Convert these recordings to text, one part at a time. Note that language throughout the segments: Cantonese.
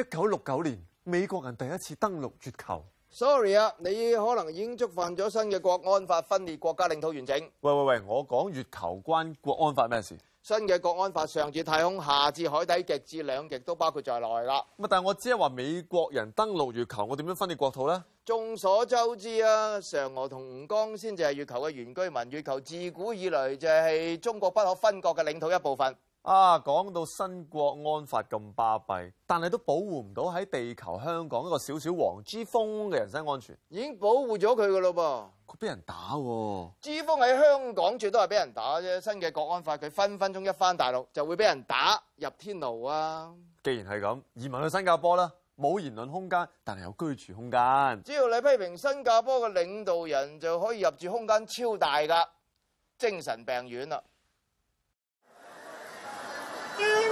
一九六九年，美國人第一次登陸月球。Sorry 啊，你可能已經觸犯咗新嘅國安法，分裂國家領土完整。喂喂喂，我講月球關國安法咩事？新嘅國安法上至太空，下至海底，極至兩極都包括在內啦。但係我只係話美國人登陸月球，我點樣分裂國土呢？眾所周知啊，嫦娥同吳剛先就係月球嘅原居民，月球自古以來就係中國不可分割嘅領土一部分。啊，講到新國安法咁巴閉，但係都保護唔到喺地球香港一個小小黃之鋒嘅人身安全，已經保護咗佢噶咯噃。佢俾人打，之鋒喺香港住都係俾人打啫。新嘅國安法，佢分分鐘一返大陸就會俾人打入天牢啊。既然係咁，移民去新加坡啦，冇言論空間，但係有居住空間。只要你批評新加坡嘅領導人，就可以入住空間超大嘅精神病院啦。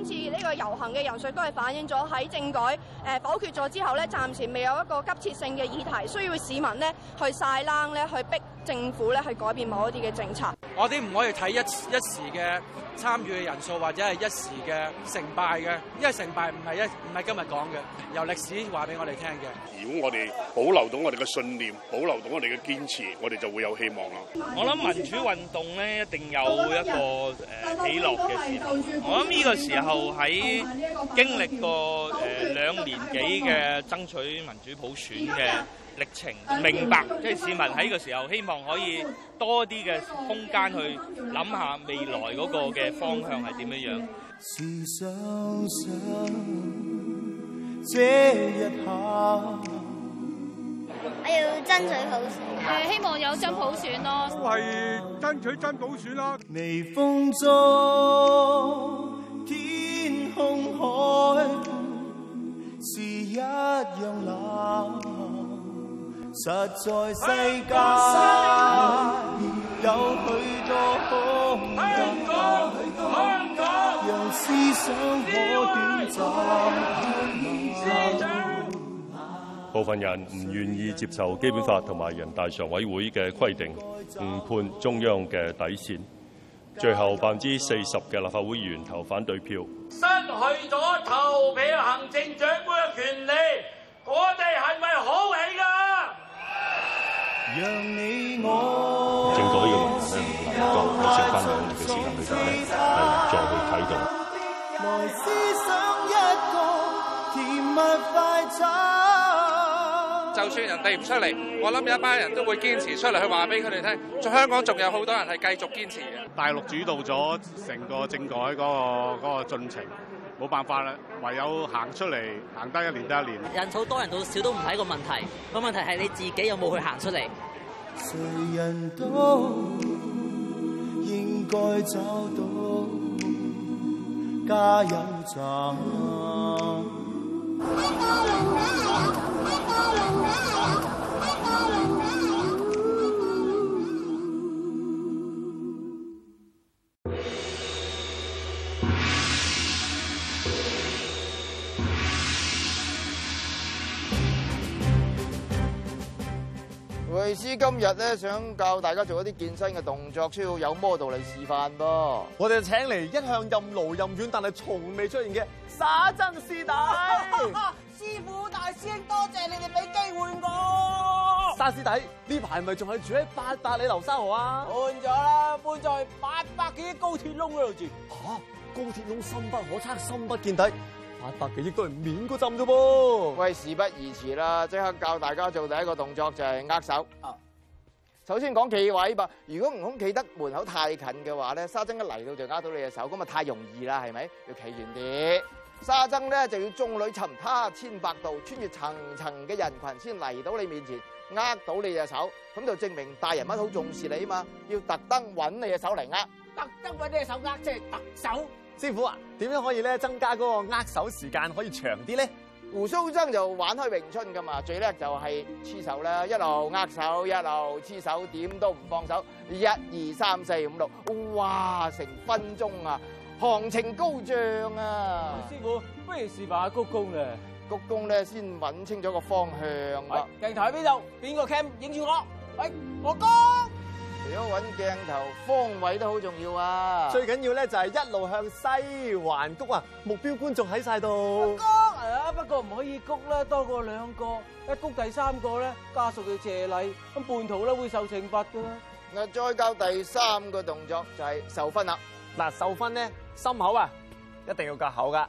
今次呢個遊行嘅人數都係反映咗喺政改誒、呃，否決咗之後咧，暫時未有一個急切性嘅議題，需要市民咧去晒冷咧，去逼政府咧去改變某一啲嘅政策。我哋唔可以睇一一時嘅參與嘅人數或者係一時嘅成敗嘅，因為成敗唔係一唔係今日講嘅，由歷史話俾我哋聽嘅。如果我哋保留到我哋嘅信念，保留到我哋嘅堅持，我哋就會有希望啦。我諗民主運動咧，一定有一個誒、呃、起落嘅時候，我諗呢個時候喺經歷過誒。呃兩年幾嘅爭取民主普選嘅歷程，明白即係市民喺個時候希望可以多啲嘅空間去諗下未來嗰個嘅方向係點樣樣。我要爭取普選，誒希望有雙普選咯、啊，都係爭取真普選啦、啊。微風中實在世界有許多港香港人思想可短暫，部分人唔願意接受基本法同埋人大常委會嘅規定，誤判中央嘅底線。最後百分之四十嘅立法會議員投反對票，失去咗投票行政長官嘅權利。政改要完成咧，要留多，要剩翻兩年嘅時間俾佢咧，再會睇到。就算人哋唔出嚟，我諗有一班人都會堅持出嚟去話俾佢哋聽。在香港仲有好多人係繼續堅持嘅。大陸主導咗成個政改嗰個嗰個進程。冇辦法啦，唯有行出嚟，行得一年得一年。一年人數多人到少都唔係個問題，個問題係你自己有冇去行出嚟。誰人都應該找到加油站。一師今日咧想教大家做一啲健身嘅動作，需要有 model 嚟示範噃。我哋請嚟一向任勞任怨，但係從未出現嘅沙僧師弟。 師傅、大師兄，多謝你哋俾機會我。沙師弟，呢排咪仲係住喺八百里流沙河啊？搬咗啦，搬咗去八百幾高鐵窿嗰度住。吓、啊，高鐵窿深不可測，深不見底。八百幾億都係免個針啫噃！喂，事不宜遲啦，即刻教大家做第一個動作就係握手。啊，首先講企位噃。如果悟空企得門口太近嘅話咧，沙僧一嚟到就握到你隻手，咁咪太容易啦，係咪？要企遠啲。沙僧咧就要眾裏尋他千百度，穿越層層嘅人羣先嚟到你面前握到你隻手，咁就證明大人物好重視你啊嘛，要特登揾你隻手嚟握，特登揾你隻手握，即係特手。師傅啊，點樣可以咧增加嗰個握手時間可以長啲咧？鬍鬚曾就玩開詠春噶嘛，最叻就係黐手啦，一路握手一路黐手，點都唔放手，一二三四五六，哇，成分鐘啊，行情高漲啊！哎！師傅，不如示範下鞠躬咧？鞠躬咧，先揾清楚個方向啊！鏡頭喺邊度？邊個 cam 影住我？喂，哥哥。如果揾鏡頭方位都好重要啊！最緊要咧就係一路向西環谷啊！目標觀眾喺晒度。不過啊，不過唔可以谷咧多過兩個，一谷第三個咧家屬就謝禮，咁叛徒咧會受懲罰噶。嗱，再教第三個動作就係受分啦。嗱，受分咧心口啊，一定要夾口噶。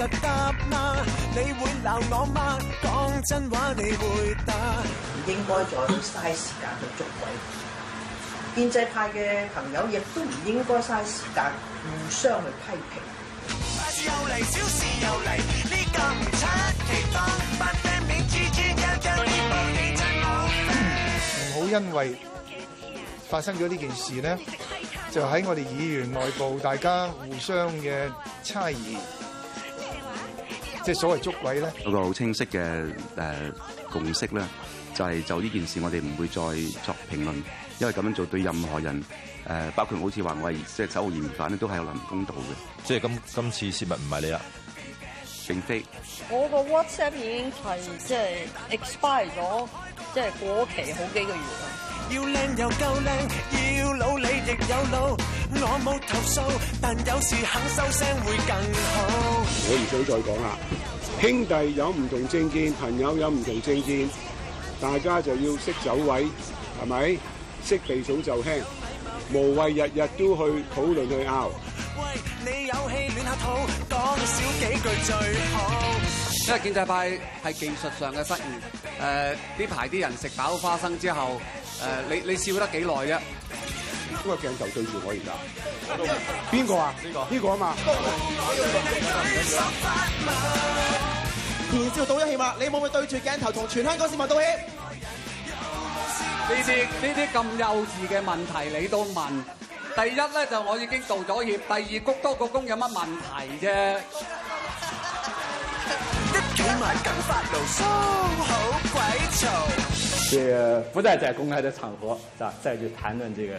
唔應該再嘥時間去捉鬼。建制派嘅朋友亦都唔應該嘥時間互相去批評。又嚟小事又嚟，呢咁出奇，不面，你唔好因為發生咗呢件事呢就喺我哋議員內部大家互相嘅猜疑。即係所謂捉鬼咧，有個好清晰嘅誒共識咧，就係就呢件事我哋唔會再作評論，因為咁樣做對任何人誒，包括好似話我係即係手無縛犯咧，都係有難公道嘅。即係今今次洩密唔係你啦？並非我個 WhatsApp 已經係即係 expired 咗，即係過期好幾個月啦。要靚又夠靚，要努力。我唔想再講啦，兄弟有唔同政見，朋友有唔同政見，大家就要識走位，係咪？識避重就輕，無謂日日都去討論去拗。喂，你有氣亂吐，講少幾句最好。因為建制派係技術上嘅失誤。誒，呢排啲人食飽花生之後，誒，你你笑得幾耐啫？個鏡頭對住我而家，邊個啊？呢、邊個呢個啊嘛！道歉到咗起碼，你冇冇對住鏡頭同全香港市民道歉？呢啲呢啲咁幼稚嘅問題你都問？第一咧就我已經道咗歉，第二鞠多個躬有乜問題啫？一起埋緊發怒，心好鬼嘈！這個不再在公開的場合，是再去談論這個。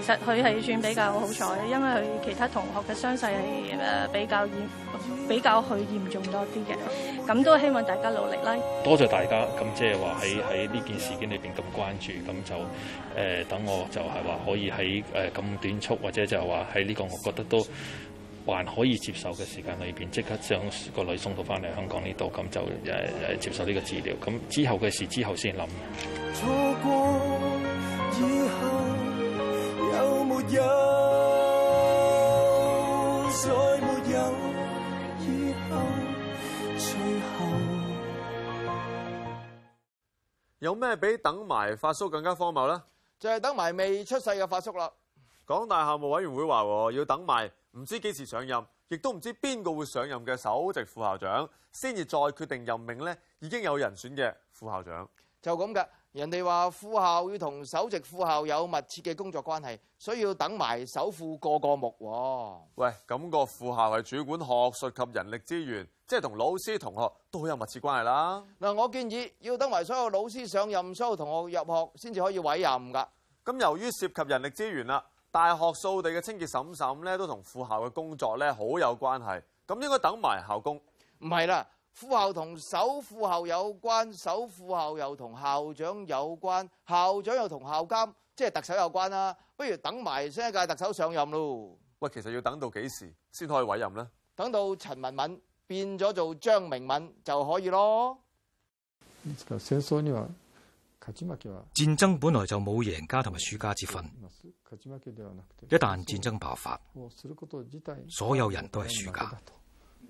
其實佢係算比較好彩，因為佢其他同學嘅傷勢係誒比較嚴，比較佢嚴重多啲嘅，咁都希望大家努力啦。多謝大家，咁即係話喺喺呢件事件裏邊咁關注，咁就誒、呃、等我就係話可以喺誒咁短促，或者就係話喺呢個我覺得都還可以接受嘅時間裏邊，即刻將個女送到翻嚟香港呢度，咁就誒誒、呃、接受呢個治療，咁之後嘅事之後先諗。錯過以後有沒有？再沒有以後，最後有咩比等埋發叔更加荒謬呢？就係等埋未出世嘅發叔啦！港大校務委員會話：要等埋唔知幾時上任，亦都唔知邊個會上任嘅首席副校長，先至再決定任命呢，已經有人選嘅副校長就咁嘅。人哋話副校要同首席副校有密切嘅工作關係，所以要等埋首副過個目喎。喂，咁個副校係主管學術及人力資源，即係同老師同學都好有密切關係啦。嗱，我建議要等埋所有老師上任、所有同學入學先至可以委任㗎。咁由於涉及人力資源啦，大學掃地嘅清潔嬸嬸咧都同副校嘅工作咧好有關係，咁應該等埋校工。唔係啦。副校同首副校有關，首副校又同校長有關，校長又同校監，即係特首有關啦，啊。不如等埋新一屆特首上任咯。喂，其實要等到幾時先可以委任咧？等到陳文敏變咗做張明敏就可以咯。戰爭本來就冇贏家同埋輸家之分。一旦戰爭爆發，所有人都係輸家。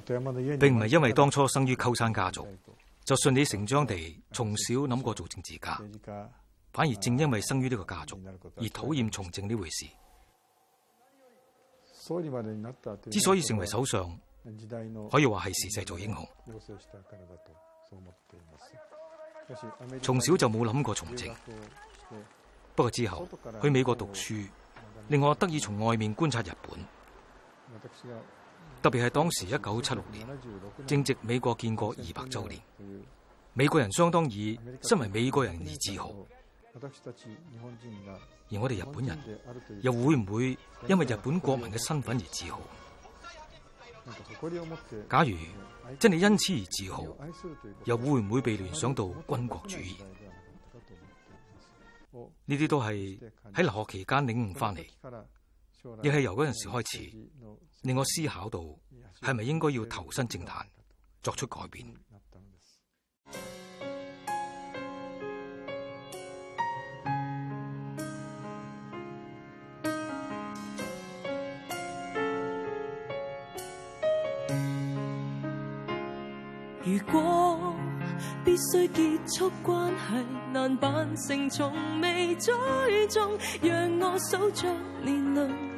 並唔係因為當初生於鳩山家族，就順理成章地從小諗過做政治家，反而正因為生於呢個家族而討厭從政呢回事。之所以成為首相，可以話係時勢造英雄。從小就冇諗過從政，不過之後去美國讀書，令我得以從外面觀察日本。特別係當時一九七六年，正值美國建國二百周年，美國人相當以身為美國人而自豪。而我哋日本人又會唔會因為日本國民嘅身份而自豪？假如真係因此而自豪，又會唔會被聯想到軍國主義？呢啲都係喺留學期間領悟翻嚟，亦係由嗰陣時開始。令我思考到，係咪應該要投身政壇，作出改變？如果必須結束關係，難辦成從未追蹤，讓我守着年輪。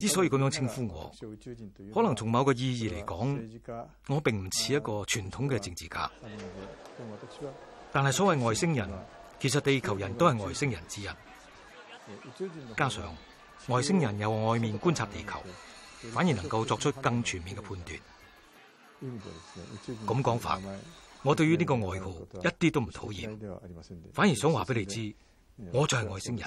之所以咁樣稱呼我，可能從某個意義嚟講，我並唔似一個傳統嘅政治家。但係所謂外星人，其實地球人都係外星人之一。加上外星人由外面觀察地球，反而能夠作出更全面嘅判斷。咁講法，我對於呢個外號一啲都唔討厭，反而想話俾你知，我就係外星人。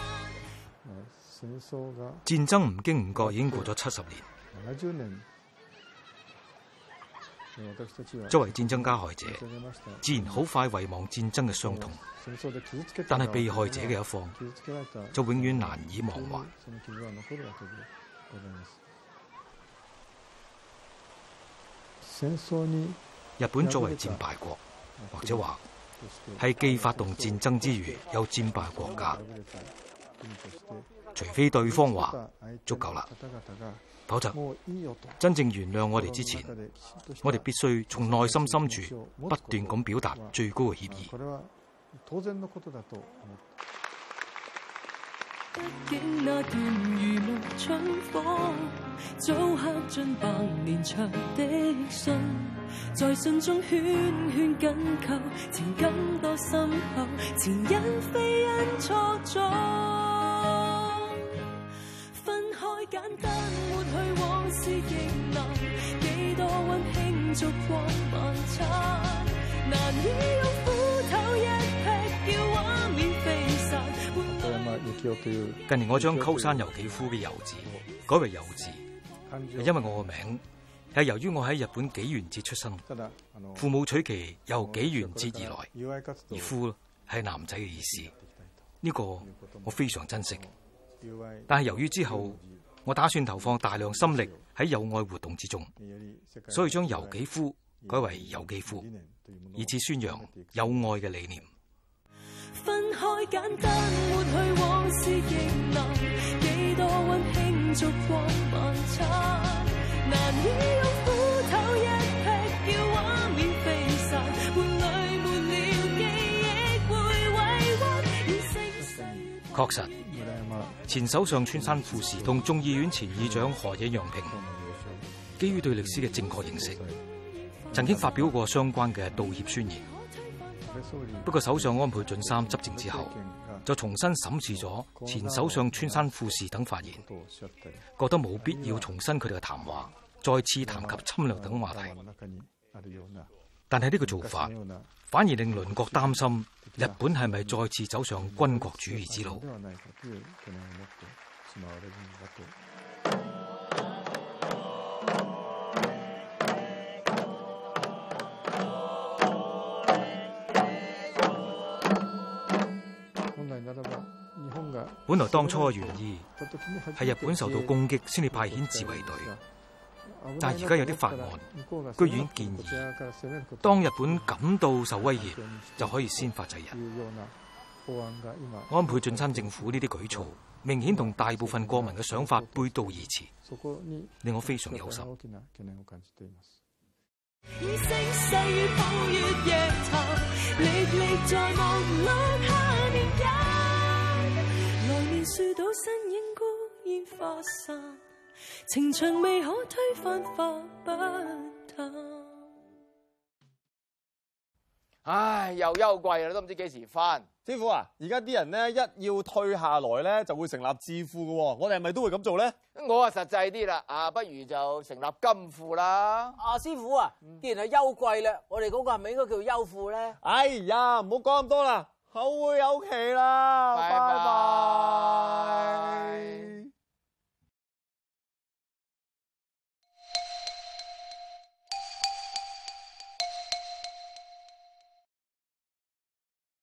戰爭唔經唔覺，已經過咗七十年。作為戰爭加害者，自然好快遺忘戰爭嘅傷痛，但係被害者嘅一方就永遠難以忘懷，懷。日本作為戰敗國，或者話係既發動戰爭之餘，又戰敗國家。除非對方話足夠啦，否則真正原諒我哋之前，我哋必須從內心深處，不斷咁表達最高嘅歉意。近年我將鳩山由紀夫嘅由字改為由字，因為我個名係由於我喺日本紀元節出生，父母取其由紀元節而來，而夫係男仔嘅意思。呢、這個我非常珍惜，但係由於之後我打算投放大量心力。喺友愛活動之中，所以將遊己夫改為遊己夫，以至宣揚友愛嘅理念。確實。前首相村山富市同眾議院前議長河野洋平，基於對歷史嘅正確認識，曾經發表過相關嘅道歉宣言。不過，首相安倍晉三執政之後，就重新審視咗前首相村山富市等發言，覺得冇必要重申佢哋嘅談話，再次談及侵略等話題。但係呢個做法，反而令鄰國擔心。日本係咪再次走上軍國主義之路？本來當初嘅原意係日本受到攻擊先至派遣自衛隊。但係而家有啲法案，居然建議當日本感到受威脅，就可以先發制人。安倍晉三政府呢啲舉措，明顯同大部分國民嘅想法背道而馳，令我非常憂心。 情長未可推翻唉、哎，又休貴啦，都唔知幾時翻。師傅啊，而家啲人咧一要退下來咧就會成立智庫噶、啊，我哋係咪都會咁做咧？我話實際啲啦，啊，不如就成立金庫啦。啊，師傅啊，既然係休貴咧，我哋嗰個係咪應該叫休庫咧？哎呀，唔好講咁多啦，後會有期啦，拜拜。拜拜拜拜。